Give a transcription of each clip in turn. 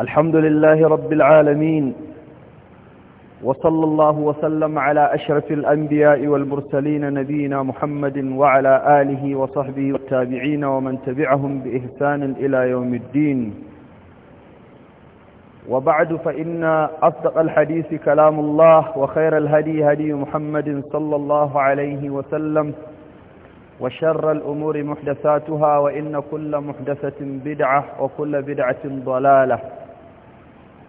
الحمد لله رب العالمين وصلى الله وسلم على أشرف الأنبياء والمرسلين نبينا محمد وعلى آله وصحبه والتابعين ومن تبعهم بإحسان إلى يوم الدين وبعد فإن أصدق الحديث كلام الله وخير الهدي هدي محمد صلى الله عليه وسلم وشر الأمور محدثاتها وإن كل محدثة بدعة وكل بدعة ضلالة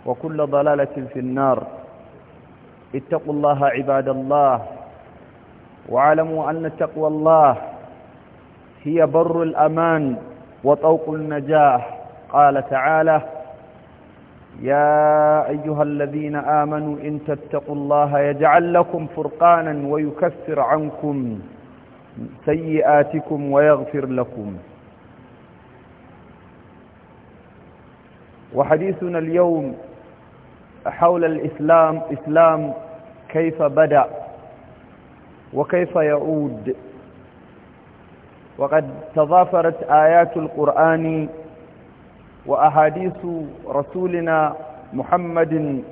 وكل ضلالة في النار اتقوا الله عباد الله واعلموا أن تقوى الله هي بر الأمان وطوق النجاح قال تعالى يا أيها الذين آمنوا إن تتقوا الله يجعل لكم فرقانا ويكفر عنكم سيئاتكم ويغفر لكم وحديثنا اليوم حول الإسلام إسلام كيف بدأ وكيف يعود وقد تضافرت آيات القرآن وأحاديث رسولنا محمد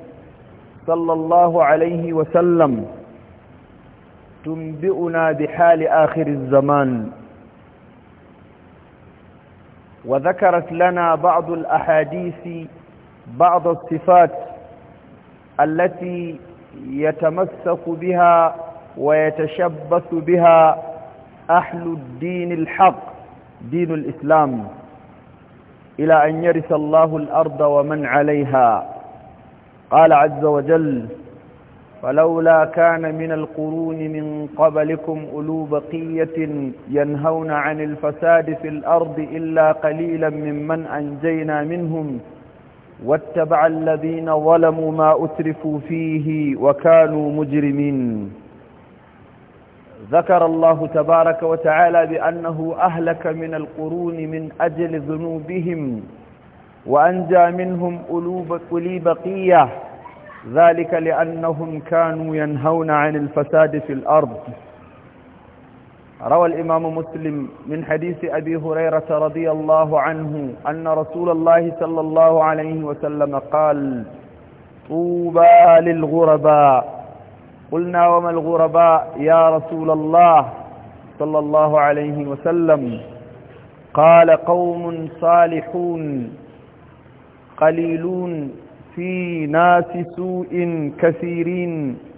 صلى الله عليه وسلم تنبئنا بحال آخر الزمان وذكرت لنا بعض الأحاديث بعض الصفات التي يتمسك بها ويتشبث بها أهل الدين الحق دين الإسلام إلى أن يرث الله الأرض ومن عليها قال عز وجل فلولا كان من القرون من قبلكم أولو بقية ينهون عن الفساد في الأرض إلا قليلا ممن أنجينا منهم واتبع الذين ظلموا ما أترفوا فيه وكانوا مجرمين ذكر الله تبارك وتعالى بأنه أهلك من القرون من أجل ذنوبهم وأنجى منهم أولي بقية ذلك لأنهم كانوا ينهون عن الفساد في الأرض روى الإمام مسلم من حديث أبي هريرة رضي الله عنه أن رسول الله صلى الله عليه وسلم قال طوبى للغرباء قلنا وما الغرباء يا رسول الله صلى الله عليه وسلم قال قوم صالحون قليلون في ناس سوء كثيرين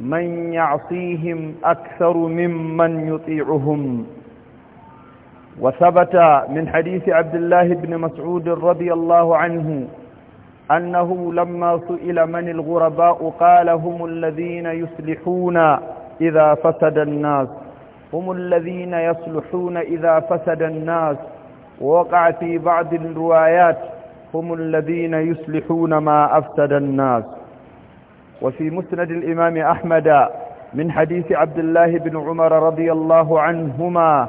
من يعصيهم أكثر ممن يطيعهم وثبت من حديث عبد الله بن مسعود رضي الله عنه أنه لما سئل من الغرباء قال هم الذين يصلحون إذا فسد الناس هم الذين يصلحون إذا فسد الناس ووقع في بعض الروايات هم الذين يصلحون ما أفسد الناس وفي مسند الإمام أحمد من حديث عبد الله بن عمر رضي الله عنهما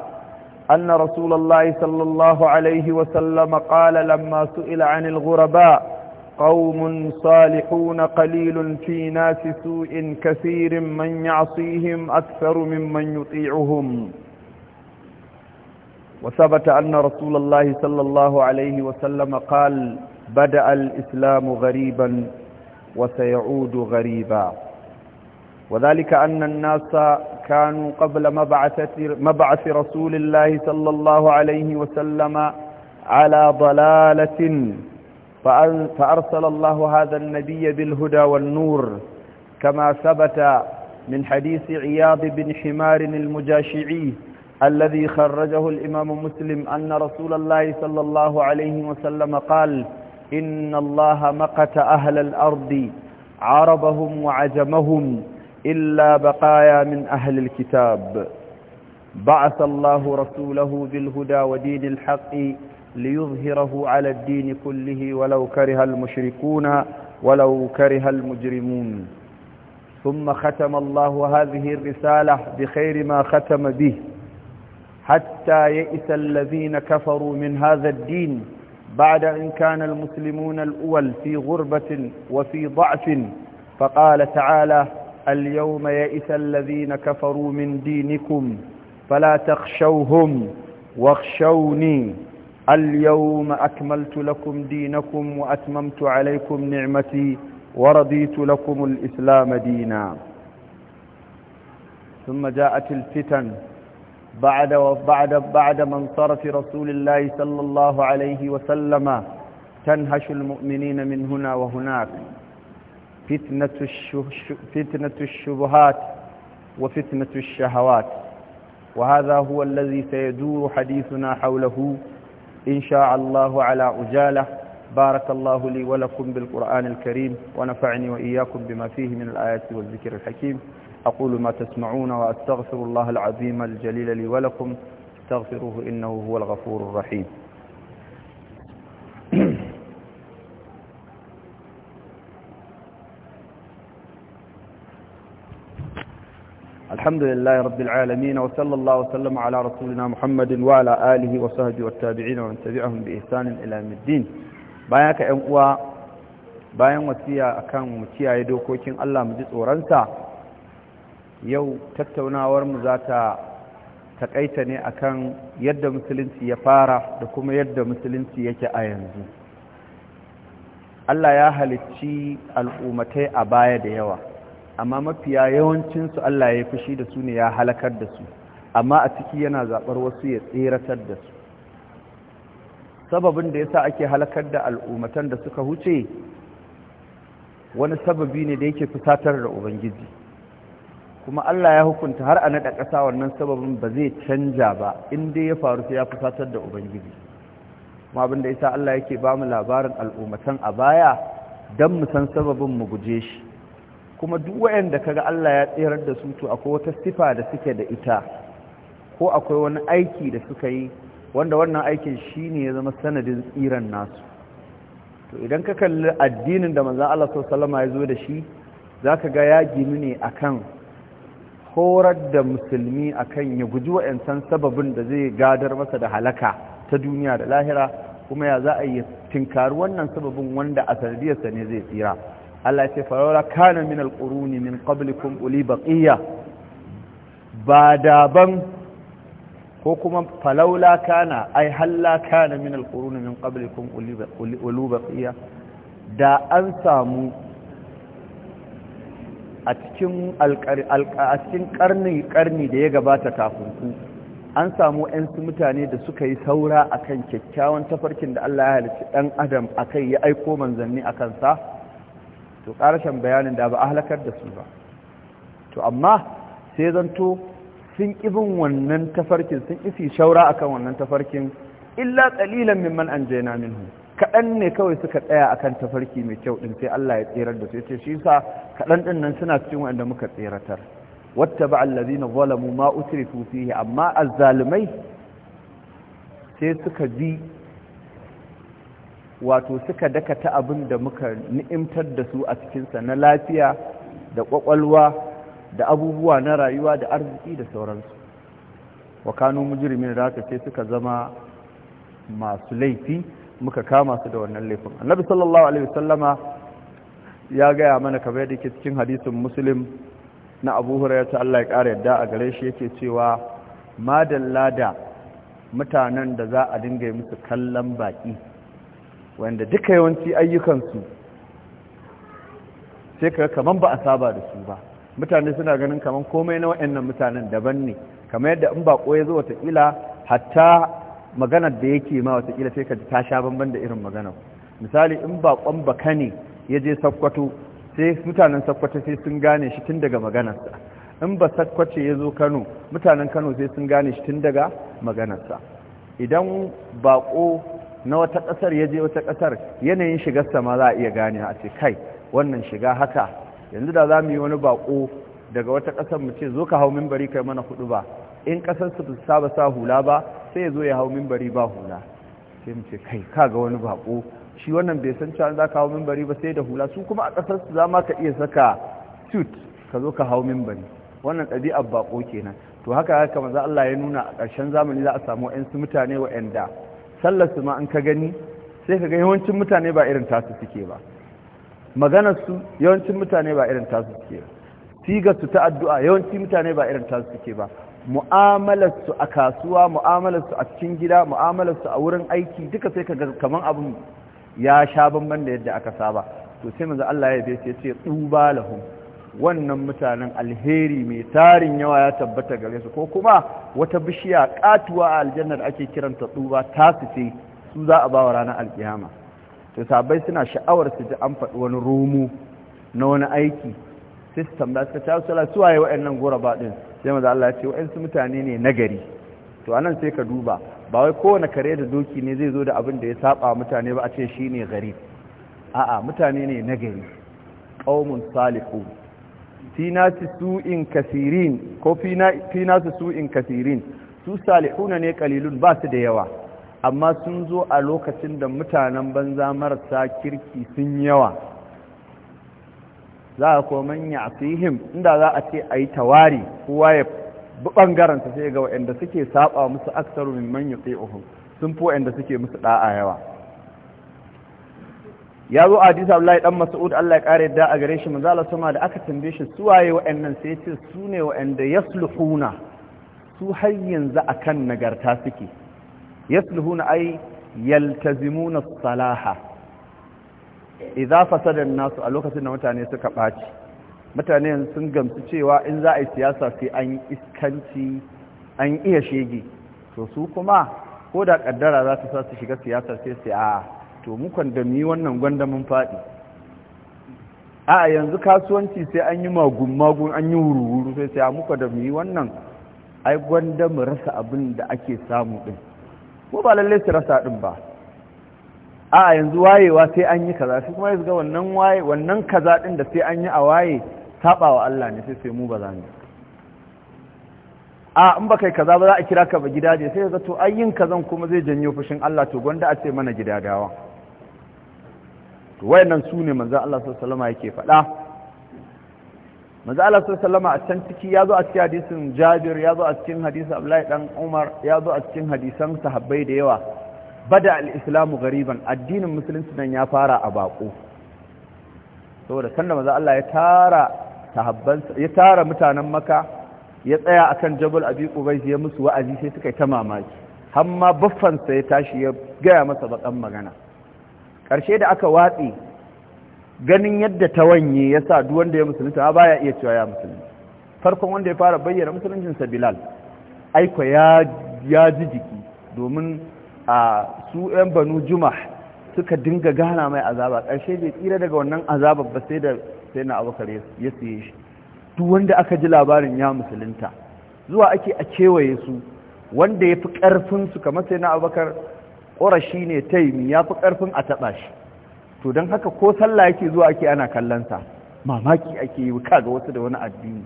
أن رسول الله صلى الله عليه وسلم قال لما سئل عن الغرباء قوم صالحون قليل في ناس سوء كثير من يعصيهم أكثر ممن يطيعهم وثبت أن رسول الله صلى الله عليه وسلم قال بدأ الإسلام غريبا وسيعود غريبا وذلك أن الناس كانوا قبل مبعث رسول الله صلى الله عليه وسلم على ضلالة فأرسل الله هذا النبي بالهدى والنور كما ثبت من حديث عياض بن حمار المجاشعي الذي خرجه الإمام مسلم أن رسول الله صلى الله عليه وسلم قال إن الله مقت أهل الأرض عربهم وعجمهم إلا بقايا من أهل الكتاب بعث الله رسوله بالهدى ودين الحق ليظهره على الدين كله ولو كره المشركون ولو كره المجرمون ثم ختم الله هذه الرسالة بخير ما ختم به حتى يئس الذين كفروا من هذا الدين بعد إن كان المسلمون الأول في غربة وفي ضعف فقال تعالى اليوم يئس الذين كفروا من دينكم فلا تخشوهم واخشوني اليوم أكملت لكم دينكم وأتممت عليكم نعمتي ورضيت لكم الإسلام دينا ثم جاءت الفتن بعد وبعد بعد من صرف رسول الله صلى الله عليه وسلم تنهش المؤمنين من هنا وهناك فتنة, فتنة الشبهات وفتنة الشهوات وهذا هو الذي سيدور حديثنا حوله إن شاء الله على عجالة بارك الله لي ولكم بالقرآن الكريم ونفعني وإياكم بما فيه من الآيات والذكر الحكيم أقول ما تسمعون وأستغفر الله العظيم الجليل لي ولكم استغفروه إنه هو الغفور الرحيم الحمد لله رب العالمين وصلى الله وسلم على رسولنا محمد وعلى آله وصحبه والتابعين ومن تبعهم بإحسان إلى يوم الدين بايعك أن uwa bayan wasiya akan mu kiyaye dokokin Allah yau tattaunawarmu za ta takaita ne akan yadda musulunci ya fara da kuma yadda musulunci yake a yanzu Allah ya halicci al'ummatai a baya da yawa amma mafiya yawancinsu Allah ya fushi da su ne ya halakar da su amma a ciki yana zaɓar wasu ya tseratar da su sababin da yasa ake halakar da al'ummatan da suka huce wani sababi ne da yake fusatar da ubangiji kuma Allah ya hukunta har a naɗa ƙasa wannan sababin ba zai canja ba in ya faru sai ya fusatar da ubangiji kuma abin da Allah yake ba mu labarin al'ummatan a baya don mu san sababin mu guje shi kuma duk wayanda kaga Allah ya tserar da su to akwai wata sifa da suke da ita ko akwai wani aiki da suka yi wanda wannan aikin shi ne ya zama sanadin tsiran nasu to idan ka kalli addinin da manzon Allah sallallahu ya zo da shi zaka ga ya ginu ne akan horar da musulmi akan ya guji wayansan sababin da zai gadar masa da halaka ta duniya da lahira kuma ya za a yi tinkari wannan sababin wanda a sanadiyarsa ne zai tsira Allah ce farora kana min alquruni min qablikum uli baqiya ba daban ko kuma falaula kana ai halla kana min alquruni min qablikum uli da an samu a cikin karni karni da ya gabata kafin an samu 'yansu mutane da suka yi saura akan kyakkyawan tafarkin da Allah ya halitta ɗan adam akai ya aiko manzanni a kansa to ƙarashen bayanin da ba a halakar da su ba to amma sai zanto sun ƙibin wannan tafarkin sun isi shaura akan wannan tafarkin illa ƙalilan mimman an jaina minhu kaɗan ne kawai suka tsaya akan tafarki mai kyau ɗin sai Allah ya tserar da su ya ce shi sa kaɗan ɗin nan suna cikin wanda muka tseratar wata ba allazi na zalamu ma utrifu fihi amma azzalumai sai suka ji wato suka dakata abin da muka ni'imtar da su a cikinsa na lafiya da ƙwaƙwalwa da abubuwa na rayuwa da arziki da sauransu wakanu kanu mujrimin da sai suka zama masu laifi muka kama su da wannan laifin annabi sallallahu alaihi wasallama ya gaya mana kabe da ke cikin hadisin muslim na abu ya ta Allah ya ƙara yadda a gare shi yake cewa ma da mutanen da za a dinga yi musu kallon baƙi wanda duka yawanci ayyukansu sai ka kaman ba a saba da su ba mutane suna ganin kaman komai na wa'annan mutanen daban ne kamar yadda in baƙo ya zo watakila hatta maganar da yake ma watakila sai ka ta sha bamban da irin maganar misali in baƙon baka ne ya je sakkwato sai mutanen sakkwato sai sun gane shi tun daga maganarsa in ba sakkwace ya zo kano mutanen kano sai sun gane shi tun daga maganarsa idan baƙo na wata ƙasar ya je wata ƙasar yanayin shigarsa ma za a iya gane a ce kai wannan shiga haka yanzu da za mu yi wani baƙo daga wata ƙasar mu ce zo ka hau mimbari kai mana hudu ba in ƙasarsu su saba sa hula ba sai ya zo ya hau mimbari ba hula sai mace ce kai kaga wani bako shi wannan bai san cewa za ka hau mimbari ba sai da hula su kuma a ƙasarsu za ma ka iya saka suit ka zo ka hau mimbari wannan ɗabi'ar bako kenan to haka haka maza Allah ya nuna a ƙarshen zamani za a samu ƴansu mutane waɗanda sallarsu ma an ka gani sai ka ga yawancin mutane ba irin tasu suke ba maganarsu yawancin mutane ba irin tasu suke ba su ta addu'a yawancin mutane ba irin tasu suke ba mu'amalarsu a kasuwa mu'amalarsu a cikin gida mu'amalarsu a wurin aiki duka sai ka kaman abin ya sha bamban da yadda aka saba to sai manzo Allah ya bai sai ce tsuba lahum wannan mutanen alheri mai tarin yawa ya tabbata gare su ko kuma wata bishiya katuwa a aljanna da ake kiranta tsuba ta su ce su za a bawa ranar alkiyama to sabai suna sha'awar su ji an faɗi wani romo na wani aiki system da suka ci sala su waye waɗannan ba din sai maza Allah ya ce waɗansu mutane ne nagari to anan sai ka duba ba wai kowane kare da doki ne zai zo da abin da ya saba mutane ba a ce shi ne gari a'a mutane ne nagari qaumun salihu fi su su'in kasirin ko fi su su'in kasirin su salihu ne kalilun ba su da yawa amma sun zo a lokacin da mutanen banza marasa kirki sun yawa za a ko manya asihim inda za a ce a yi tawari kowa ya bi ɓangaren sai ga waɗanda suke saba musu aksaru min manya tsi'uhum sun fi waɗanda suke musu ɗa'a yawa ya zo a hadisa Abdullahi dan Mas'ud Allah ya kare da a gare shi manzo Allah sama da aka tambaye shi su waye waɗannan sai ce su ne waɗanda yasluhuna su har yanzu akan nagarta suke yasluhuna ai yaltazimuna salaha idza fasada nasu a lokacin da mutane suka ɓaci mutane sun gamsu cewa in za a yi siyasa sai an iskanci an iya shege to su kuma ko da ƙaddara za ta sa su shiga siyasar sai sai a to mu yi wannan gwanda mun faɗi a yanzu kasuwanci sai an yi magun-magun an yi wuru-wuru sai sai a muka da mu yi wannan ai gwanda mu rasa abin da ake samu ɗin ko ba lallai su rasa ɗin ba a yanzu wayewa sai an yi kaza shi kuma yanzu ga wannan waye wannan kaza din da sai an yi a waye wa Allah ne sai sai mu ba za mu a in ba kai kaza ba za a kira ka ba gida gidaje sai ga to ayyin kazan kuma zai janyo fushin Allah to gwanda a ce mana gida gidadawa to wayannan su ne manzo Allah sallallahu alaihi wasallam yake faɗa manzo Allah sallallahu a can ciki ya zo a cikin hadisin Jabir ya zo a cikin hadisin Abdullahi dan Umar ya zo a cikin hadisan sahabbai da yawa bada al-islamu gariban addinin musulunci nan ya fara a bako saboda sanda maza Allah ya tara sahabban ya tara mutanen maka ya tsaya akan jabal abi qubais ya musu wa'azi sai suka ta mamaki har ma ya tashi ya gaya masa bakan magana karshe da aka watsi ganin yadda ta wanye yasa duk wanda ya musulunta baya iya cewa ya musulunta farkon wanda ya fara bayyana musuluncinsa bilal aiko ya ji jiki domin a su 'yan banu juma suka dinga gana mai azaba ƙarshe bai tsira daga wannan azabar ba sai da sai na abokar ya siye shi duk wanda aka ji labarin ya musulunta zuwa ake a kewaye su wanda ya fi ƙarfinsu kamar sai na abokar ƙorashi ne ta taimi ya fi ƙarfin a taɓa shi to don haka ko sallah yake zuwa ake ana kallonsa mamaki ake yi kaga wasu da wani addini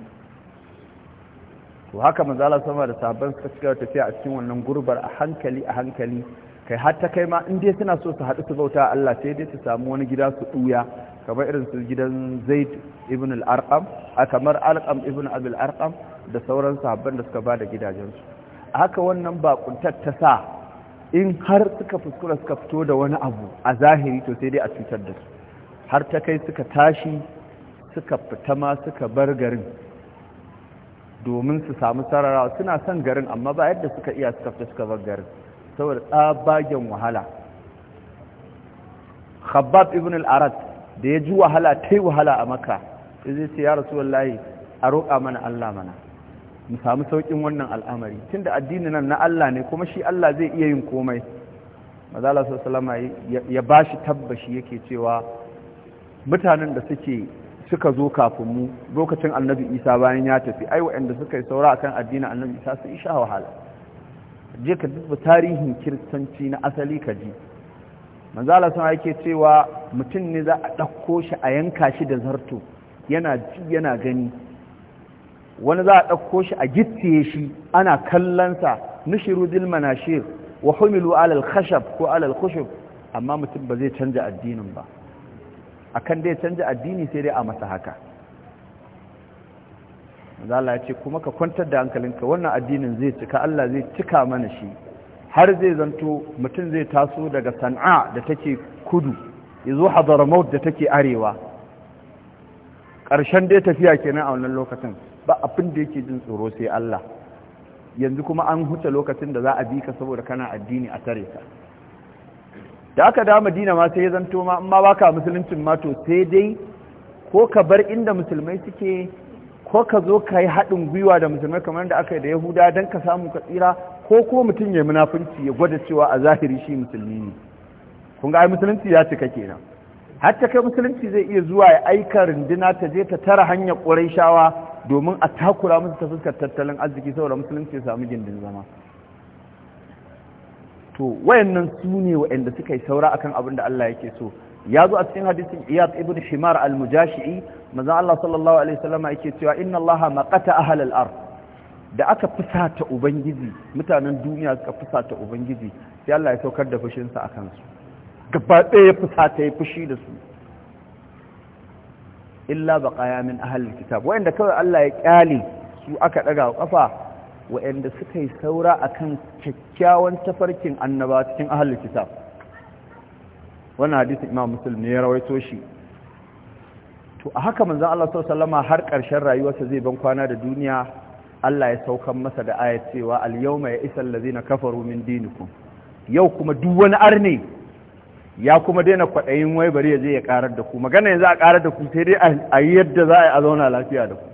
to haka manzala sama da sabon suka cika tafiya a cikin wannan gurbar a hankali a hankali kai har ta kai ma in dai suna so su haɗu su bauta Allah sai dai su samu wani gida su ɗuya kamar irin su gidan Zaid ibn al-Arqam a kamar Alqam ibn Abi al-Arqam da sauran sahabban da suka bada gidajensu haka wannan bakuntar ta sa in har suka fuskura suka fito da wani abu a zahiri to sai dai a cutar da su har ta kai suka tashi suka fita ma suka bar garin domin su samu sararawa suna son garin amma ba yadda suka iya suka fita suka bar garin saboda tsabagen wahala khabbab ibn al-arat da ya ji wahala ta yi wahala a maka zai ce ya wallahi a roƙa mana Allah mana mu samu sauƙin wannan al'amari tunda addinin nan na Allah ne kuma shi Allah zai iya yin komai mazala sallama ya bashi tabbashi yake cewa mutanen da suke suka zo kafin mu lokacin annabi isa bayan ya tafi ai waɗanda suka yi saura akan addinin annabi isa sun isha wahala je ka duba tarihin kiristanci na asali ka ji manzala sun ake cewa mutum ne za a ɗauko shi a yanka shi da zarto yana ji yana gani wani za a ɗauko shi a gittiye shi ana kallonsa nishiru dil manashir wa humilu alal khashab ko alal khushub amma mutum ba zai canja addinin ba akan dai canja addini sai dai a masa haka zala ya ce kuma ka kwantar da hankalinka wannan addinin zai cika Allah zai cika mana shi har zai zanto mutum zai taso daga san'a da take kudu ya zo maut da take arewa ƙarshen dai tafiya kenan a wannan lokacin ba abin da yake jin tsoro sai Allah yanzu kuma an huce lokacin da za a bi ka saboda kana addini a tare ka da aka da madina ma sai ya zanto ma amma baka musuluncin ma to sai dai ko ka bar inda musulmai suke ko ka zo ka yi haɗin gwiwa da musulmai kamar da aka yi da yahuda don ka samu ka tsira ko ko mutum ya munafunci ya gwada cewa a zahiri shi musulmi ne kun ga musulunci ya cika kenan hatta kai musulunci zai iya zuwa ya aika runduna ta je ta tara hanyar ƙurai shawa domin a takura musu ta fuskar tattalin arziki saboda musulunci ya samu gindin zama to wayannan su ne wayanda suka yi saura akan abin da Allah yake so ya zo a cikin hadisin iyad ibn shimar al-mujashi'i manzo Allah sallallahu alaihi wasallama yake cewa inna Allah maqata ahl al-ard da aka fusata ubangiji mutanen duniya suka fusata ubangiji sai Allah ya saukar da fushin sa akan su gaba ya fusata ya fushi da su illa baqaya min ahl al-kitab wayanda kawai Allah ya kyale su aka daga kafa waɗanda suka yi saura a kan kyakkyawan tafarkin annaba cikin ahal likita wannan hadisu imam Musulmi ne ya rawaito shi to a haka manzan Allah Salama har ƙarshen rayuwarsa zai ban kwana da duniya Allah ya saukan masa da ayat cewa al-yawma ya'isa na kafaru min dinikum yau kuma duk wani arne ya kuma daina kwaɗayin wai bari ya je ya ƙarar da ku magana yanzu a ƙarar da ku sai dai a yadda za a zauna lafiya da ku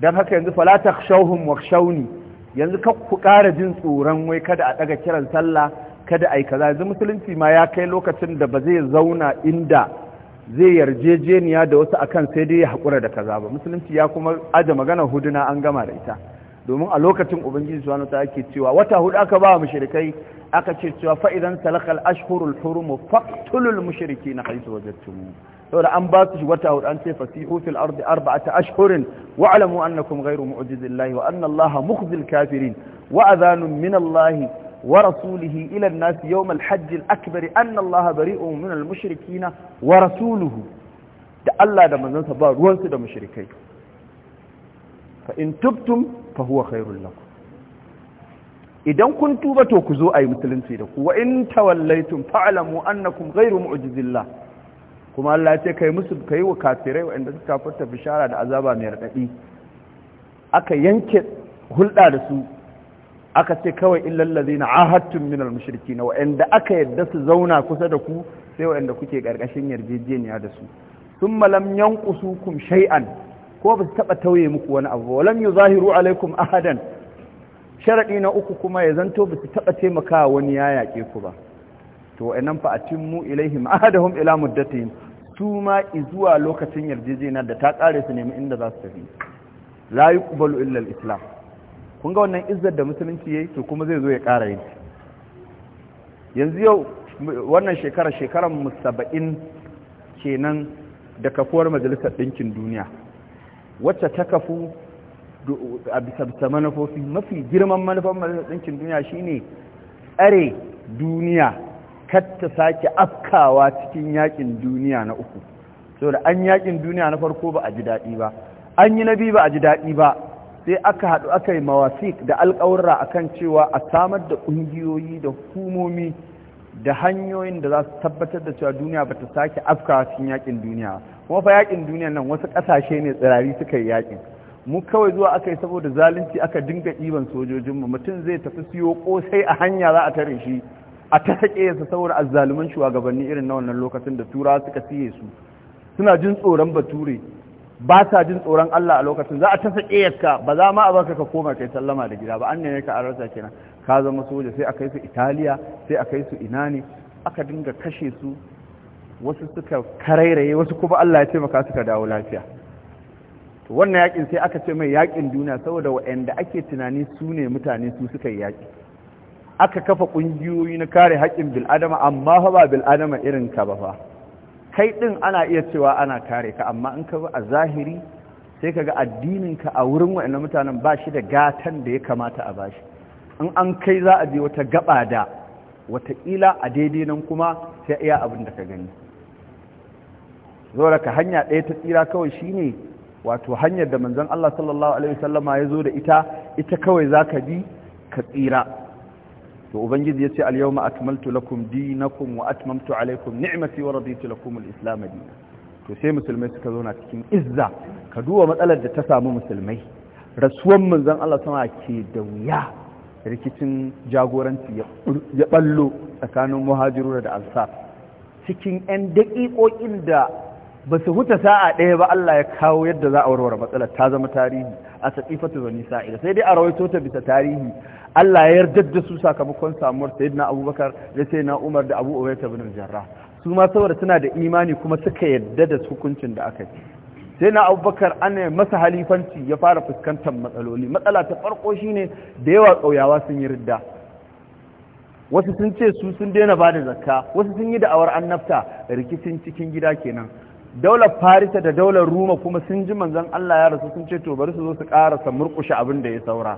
don haka yanzu fala shauhun wakhshawni yanzu ka ku ƙara jin tsoron wai kada a ɗaga kiran sallah kada a yi kaza yanzu musulunci ma ya kai lokacin da ba zai zauna inda zai yarjejeniya da wasu akan sai dai ya haƙura da kaza ba musulunci ya kuma aje magana huduna an gama da ita domin a lokacin ubangiji subhanahu wa ta'ala cewa wata hudu aka ba mushrikai aka ce cewa fa idan salaka al-ashhurul hurum faqtulul mushrikeena haythu wajadtumuhum da an ba su wata hudu an ce fasihu fil ardi arba'ata ashhurin wa'lamu annakum ghayru mu'jizillahi wa anna allaha mukhzil kafirin wa adhanun min allahi wa ورسوله إلى الناس يوم الحج الأكبر أن الله بريء من wa rasuluhu da الله da manzansa ba ruwansu da ده fa in tubtum fa huwa khairul lakum idan kun tuba to ku zo ayi musulunci da ku wa in tawallaytum fa'lamu annakum ghairu mu'jizillah kuma Allah ya ce kai musu kai wa kafirai inda suka furta bishara da azaba mai radadi aka yanke hulɗa da su aka ce kawai illal ladina ahadtum minal mushrikin inda aka yadda su zauna kusa da ku sai waɗanda kuke karkashin yarjejeniya da su thumma lam yanqusukum shay'an ko ba su taɓa tauye muku wani abu wa lam zahiru alaikum ahadan sharadi na uku kuma ya zanto ba su taɓa taimakawa wani ya yake ku ba to wa'annan fa a mu ilaihim ahadahum ila muddatihim su ma zuwa lokacin yarjejeniyar da ta kare su nemi inda za su tafi la yuqbalu illa alislam islam kun ga wannan izzar da musulunci yayi to kuma zai zo ya ƙara yin yanzu yau wannan shekara shekaran mu 70 kenan da kafuwar majalisar Dinkin duniya wacce ta kafu a bisa bisa manufofi mafi girman manufan ɗinkin duniya shine tsare duniya katta sake afkawa cikin yakin duniya na uku saboda an yakin duniya na farko ba a ji daɗi ba an yi na biyu ba a ji daɗi ba sai aka haɗu aka yi mawasik da alƙawarra akan cewa a samar da ƙungiyoyi da hukumomi da hanyoyin da za su tabbatar da cewa duniya ba ta sake afkawa cikin yakin duniya kuma fa yakin duniyan nan wasu kasashe ne tsirari suka yi yakin mu kawai zuwa aka yi saboda zalunci aka dinga ɗiban sojojinmu mutum zai tafi siyo kosai a hanya za a tare shi a ta yasa saboda azzaluman shugabanni irin na wannan lokacin da tura suka siye su suna jin tsoron bature ba sa jin tsoron Allah a lokacin za a ta ba za ma a baka ka koma kai sallama da gida ba an ne ka arasa kenan ka zama soja sai a kai su Italiya sai a kai su ina ne aka dinga kashe su wasu suka karairaye wasu kuma Allah ya taimaka suka dawo lafiya to wannan yakin sai aka ce mai yakin duniya saboda waɗanda ake tunani su ne mutane su suka yi yaki aka kafa ƙungiyoyi na kare haƙƙin bil'adama amma fa ba bil'adama irin ka ba fa kai ɗin ana iya cewa ana kare ka amma in ka bi a zahiri sai ka ga ka a wurin waɗannan mutanen ba shi da gatan da ya kamata a bashi in an kai za a je wata gaba da wataƙila a daidai nan kuma sai iya abin da ka gani zuwa ka hanya ɗaya ta tsira kawai shine wato hanyar da manzon Allah sallallahu alaihi wasallama ya zo da ita ita kawai za ka bi ka tsira to ubangiji ya ce yawma akmaltu lakum dinakum wa atmamtu alaikum ni'mati wa raditu lakum al islam dinan to sai musulmai suka zo na cikin izza ka duba matsalar da ta samu musulmai rasuwan manzon Allah sama ke da wuya rikicin jagoranci ya ballo tsakanin muhajiru da ansar cikin 'yan daƙiƙoƙin da ba su huta sa'a ɗaya ba Allah ya kawo yadda za a warware matsalar ta zama tarihi a saƙifatu bani sa'ida sai dai a rawaito ta bisa tarihi Allah ya yarda da su sakamakon samuwar ta na Abubakar da sai na Umar da Abu Ubaida bin jarra su ma saboda suna da imani kuma suka yarda da hukuncin da aka yi na Abubakar an masa halifanci ya fara fuskantar matsaloli matsala ta farko shine da yawa ƙauyawa sun yi ridda wasu sun ce su sun daina ba da zakka wasu sun yi da'awar annabta rikicin cikin gida kenan daular farisa da daular ruma kuma sun ji manzon Allah ya rasu sun ce to bari su zo su karasa murkushe abin da ya saura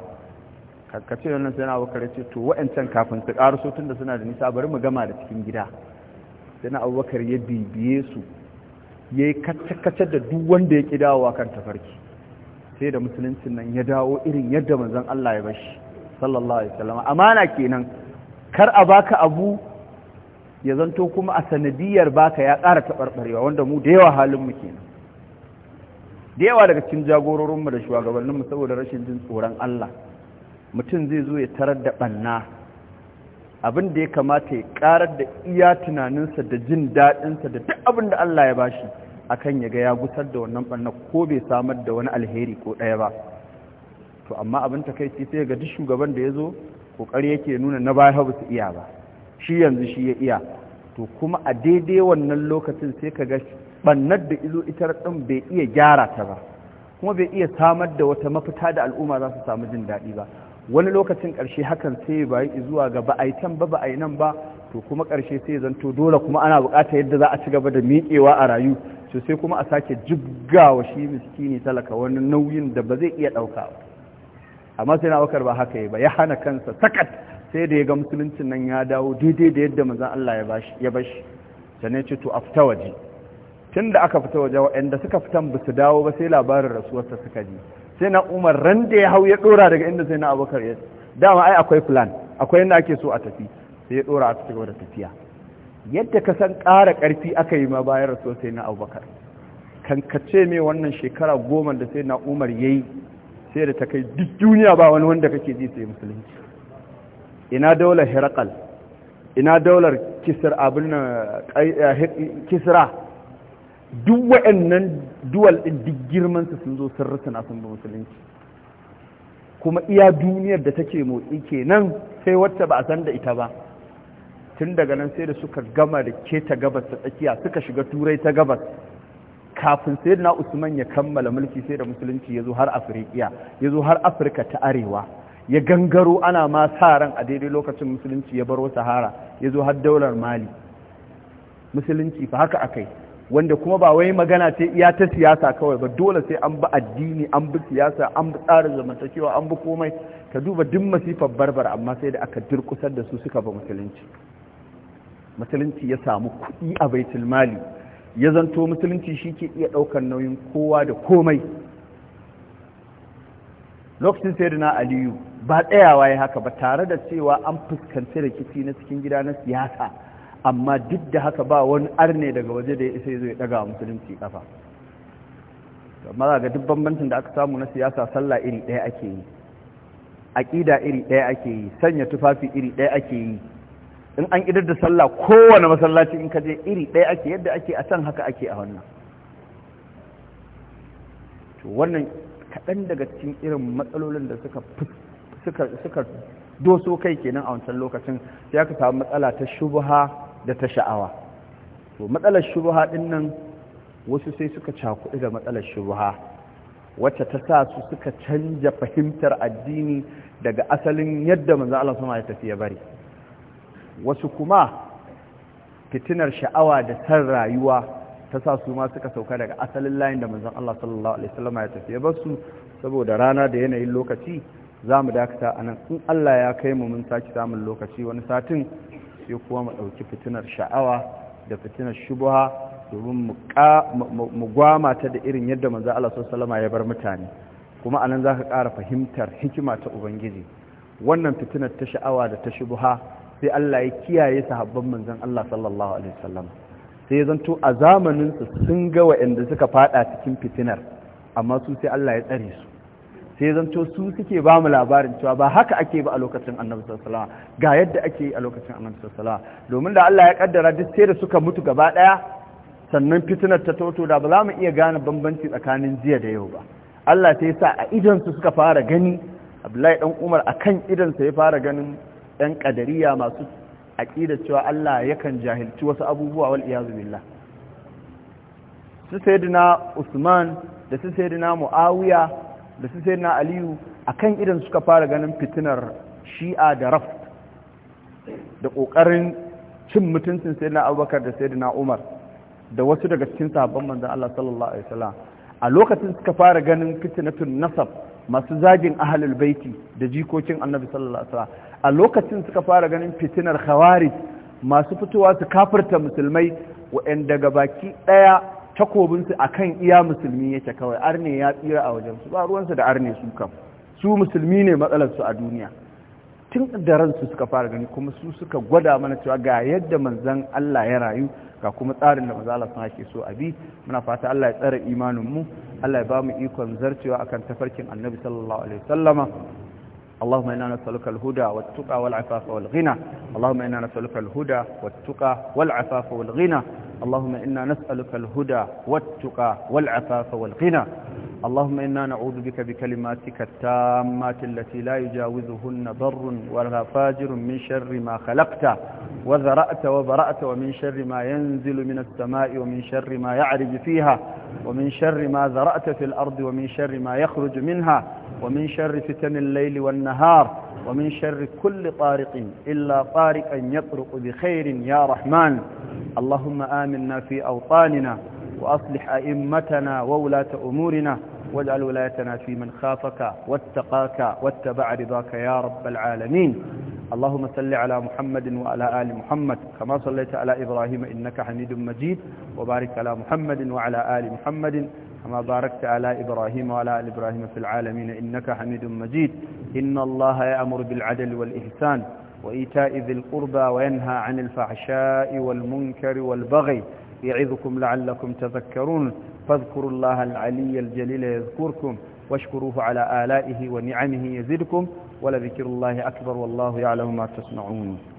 ka ce wannan sai na abubakar ce to wa'ancan kafin su karaso tun da suna da nisa bari mu gama da cikin gida sai na abubakar ya bibiye su ya yi kacce da duk wanda ya ƙi dawowa kan tafarki sai da musuluncin nan ya dawo irin yadda manzon Allah ya bashi sallallahu alaihi wasallam amana kenan kar a baka abu ya zanto kuma a sanadiyar baka ya ƙara taɓarɓarewa wanda mu da yawa halin mu kenan da yawa daga cikin mu da shugabanninmu saboda rashin jin tsoron Allah mutum zai zo ya tarar da ɓanna abin da ya kamata ya ƙarar da iya tunaninsa da jin daɗinsa da duk abin da Allah ya bashi akan ya ga ya gusar da wannan ɓanna ko bai samar da wani alheri ko ɗaya ba to amma abin takaici sai ga duk shugaban da ya zo ƙoƙari yake nuna na baya ba su iya ba shi yanzu shi ya iya to kuma a daidai wannan lokacin sai ka ga bannar da izo ita din bai iya gyara ta ba kuma bai iya samar da wata mafita da al'umma za su samu jin daɗi ba wani lokacin ƙarshe hakan sai ya bayi zuwa ga ba a ba ba a yi nan ba to kuma ƙarshe sai zanto dole kuma ana buƙatar yadda za a ci gaba da miƙewa a rayu sosai kuma a sake jibgawa shi miskini talaka wani nauyin da ba zai iya ɗauka ba amma sai na ba haka yi ba ya hana kansa sakat sai da ya ga musuluncin nan ya dawo daidai da yadda mazan Allah ya bashi sannan ce to a fita waje tun da aka fita waje waɗanda suka fitan ba su dawo ba sai labarin rasuwarsa suka ji sai na umar ran da ya hau ya ɗora daga inda sai na abokar ya dama ai akwai plan akwai yadda ake so a tafi sai ya ɗora a fita gaba da tafiya yadda ka san ƙara ƙarfi aka yi ma bayan rasuwar sai na abubakar kankace mai wannan shekara goma da sai na umar ya yi sai da ta kai duk duniya ba wani wanda kake ji sai musulunci ina daular herakal ina daular kisir abin eh, kisra duk wa'annan duwal ɗin duk girmansu sun zo sun rasa sun bi musulunci kuma iya duniyar da take motsi nan sai wacce ba a san da ita ba tun daga nan sai da suka gama da ta gabas ta tsakiya suka shiga turai ta gabas kafin sai na usman ya kammala mulki sai da musulunci ya ya zo har afirka ta arewa ya gangaro ana ma sa ran a daidai lokacin musulunci ya baro sahara ya zo har daular mali musulunci fa haka akai wanda kuma ba wai magana ce iya ta siyasa kawai ba dole sai an bi addini an bi siyasa an bi tsarin zamantakewa an bi komai ka duba duk masifar barbar amma sai da aka durkusar da su suka ba musulunci musulunci ya samu kuɗi a baitul mali ya zanto musulunci shi ke iya ɗaukar nauyin kowa da komai lokacin sai aliyu ba tsayawa ya haka ba tare da cewa an fuskanci rikici na cikin gida na siyasa amma duk da haka ba wani arne daga waje da ya isa zai daga musulunci kafa amma ga duk bambancin da aka samu na siyasa sallah iri ɗaya ake yi aƙida iri ɗaya ake yi sanya tufafi iri ɗaya ake yi in an idar da sallah kowane masallaci in ka je iri ɗaya ake yadda ake a can haka ake a wannan wannan kaɗan daga cikin irin matsalolin da suka fuskanci suka doso kai kenan a wancan lokacin sai aka samu matsala ta shubha da ta sha'awa to matsalar shubha din nan wasu sai suka cakuɗi da matsalar shubha wacce ta sa su suka canja fahimtar addini daga asalin yadda manzo Allah sama ya tafi ya bari wasu kuma fitinar sha'awa da san rayuwa ta sa su ma suka sauka daga asalin layin da manzon Allah sallallahu ya tafi ya su saboda rana da yanayin lokaci za mu dakata a nan in allah ya kai mu mun sake samun lokaci wani satin sai kuma mu ɗauki fitinar sha'awa da fitinar shubuha domin mu gwama ta da irin yadda manzo allah salama ya bar mutane kuma a nan za ka ƙara fahimtar hikima ta ubangiji wannan fitinar ta sha'awa da ta shubuha sai allah ya kiyaye sahabban manzon allah sallallahu alaihi wasallam sai ya zanto a zamaninsu sun ga wa'anda suka fada cikin fitinar amma su sai allah ya tsare su sai zanto su suke ba mu labarin cewa ba haka ake ba a lokacin annabi sallallahu ga yadda ake a lokacin annabi sallallahu domin da Allah ya kaddara duk sai da suka mutu gaba daya sannan fitinar ta toto da ba za mu iya gane bambanci tsakanin jiya da yau ba Allah ta sa a idan su suka fara gani Abdullahi dan Umar akan idan sa ya fara ganin dan kadariya masu aqida cewa Allah yakan jahilci wasu abubuwa wal iyazu billah su sayyidina Usman da su sayyidina Muawiya da su sai na aliyu a kan idan suka fara ganin fitinar shi'a da raf da ƙoƙarin cin mutuncin sai na abubakar da sai na umar da wasu daga cikin sabon manzan Allah sallallahu Alaihi wasallam a lokacin suka fara ganin fitinatun nasab masu zagin ahalul baiti da jikokin annabi sallallahu Alaihi wasallam a lokacin suka fara ganin fitinar khawarij masu fitowa su kafirta musulmai waɗanda daga baki ɗaya takobinsu a kan iya musulmi yake kawai arne ya tsira a wajensu ba ruwansu da arne su kam su musulmi ne matsalarsu a duniya tun da ransu suka fara gani kuma su suka gwada mana cewa ga yadda manzan Allah ya rayu ga kuma tsarin da manzan Allah sun hake so a bi muna fata Allah ya tsara imaninmu Allah ya ba mu ikon zarcewa akan tafarkin annabi sallallahu alaihi wasallama اللهم إنا نسألك الهدى والتقى والعفاف والغنى اللهم إنا نسألك الهدى والتقى والعفاف والغنى اللهم إنا نسألك الهدى والتقى والعفاف والغنى اللهم إنا نعوذ بك بكلماتك التامات التي لا يجاوزهن ضر ولا فاجر من شر ما خلقت وذرأت وبرأت ومن شر ما ينزل من السماء ومن شر ما يعرج فيها ومن شر ما ذرأت في الأرض ومن شر ما يخرج منها ومن شر فتن الليل والنهار ومن شر كل طارق إلا طارقا يطرق بخير يا رحمن اللهم آمنا في أوطاننا وأصلح أئمتنا وولاة أمورنا واجعل ولايتنا في من خافك واتقاك واتبع رضاك يا رب العالمين اللهم صل على محمد وعلى آل محمد كما صليت على إبراهيم إنك حميد مجيد وبارك على محمد وعلى آل محمد كما باركت على إبراهيم وعلى آل إبراهيم في العالمين إنك حميد مجيد إن الله يأمر بالعدل والإحسان وإيتاء ذي القربى وينهى عن الفحشاء والمنكر والبغي يعظكم لعلكم تذكرون فاذكروا الله العلي الجليل يذكركم واشكروه على آلائه ونعمه يزدكم ولذكر الله أكبر والله يعلم ما تصنعون